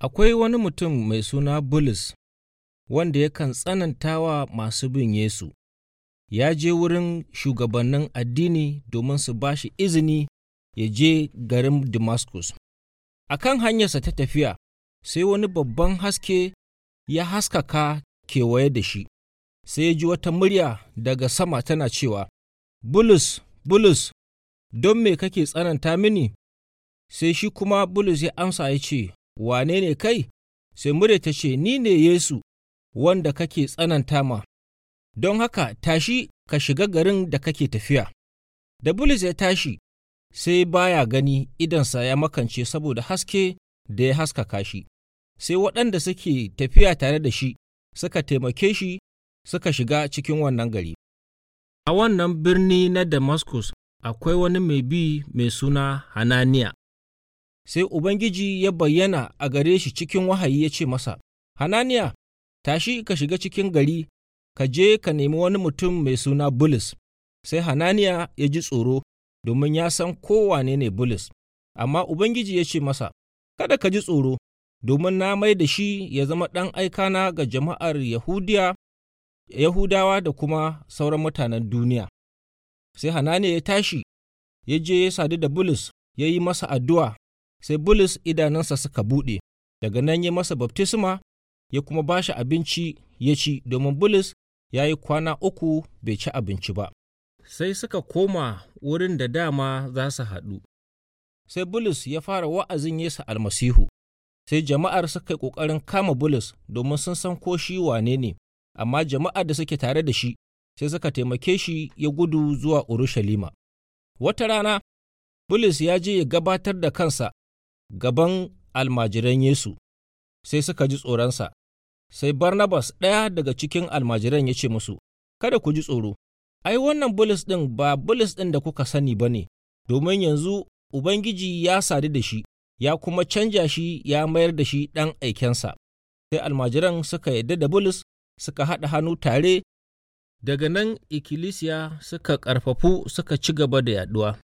Akwai wani mutum mai suna Bulus wanda yakan tsananta wa masu bin Yesu, ya je wurin shugabannin addini domin su ba shi izini ya je garin Damascus. A kan hanyarsa ta tafiya, sai wani babban haske ya haskaka kewaye da shi, sai ya ji wata murya daga sama tana cewa, Bulus, Bulus, don me kake tsananta mini? Sai shi kuma Bulus ya amsa ya ce, wane ne kai? Sai mure ta ce, Ni ne Yesu, wanda kake tsananta ma, don haka tashi ka shiga garin da kake tafiya. Da Bulus ya tashi, sai baya gani idansa ya makance saboda haske da ya haskaka shi, sai waɗanda suke tafiya tare da shi suka taimake shi suka shiga cikin wannan gari. A wannan birni na Damascus akwai wani mai bi mai suna Hananiya, sai Ubangiji ya bayyana a gare shi cikin wahayi ya ce masa, Hananiya, tashi ka shiga cikin gari, ka je ka nemi wani mutum mai suna Bulus. Sai Hananiya ya ji tsoro, domin ya san kowane ne Bulus. Amma Ubangiji ya ce masa, Kada ka ji tsoro, domin na mai da shi ya zama ɗan aikana ga jama'ar Yahudiya, Yahudawa da kuma sauran mutanen duniya. Sai Hananiya ya tashi, ya je ya sadu da Bulus, ya yi masa addu'a sai Bulus idanunsa suka buɗe, daga nan ya masa baftisma ya kuma ba shi abinci ya ci domin Bulus ya yi kwana uku bai ci abinci ba. Sai suka koma wurin da dama za su haɗu. Sai Bulus ya fara wa'azin Yesu almasihu, sai jama'ar suka yi ƙoƙarin kama Bulus domin sun san ko shi wane ne, amma jama'ar da suke tare da shi sai suka taimake shi ya gudu zuwa Urushalima. Wata rana, Bulus ya je ya gabatar da kansa gaban almajiran Yesu, sai suka ji tsoronsa, sai Barnabas ɗaya daga cikin almajiran ya ce musu, Kada ku ji tsoro, ai, wannan Bulus ɗin ba Bulus ɗin da kuka sani ba ne, domin yanzu Ubangiji ya sadu da shi, ya kuma canja shi ya mayar da shi ɗan aikensa. Sai almajiran suka yarda da Bulus suka haɗa hannu tare, daga nan ikkilisiya suka ƙarfafu suka ci gaba da yaɗuwa.